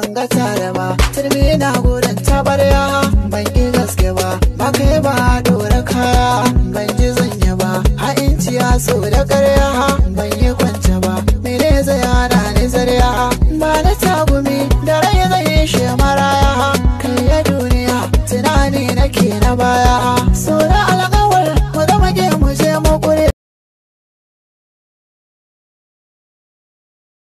ban gata da ba turmi na gudun tabarya ban yi gaske ba ba kai ba dora kaya ban ji zanya ba a ya so da karya ban yi kwance ba mene zai hana ni zarya ba na tagumi da rai zai yi shemaraya kai ya duniya tunani nake na baya so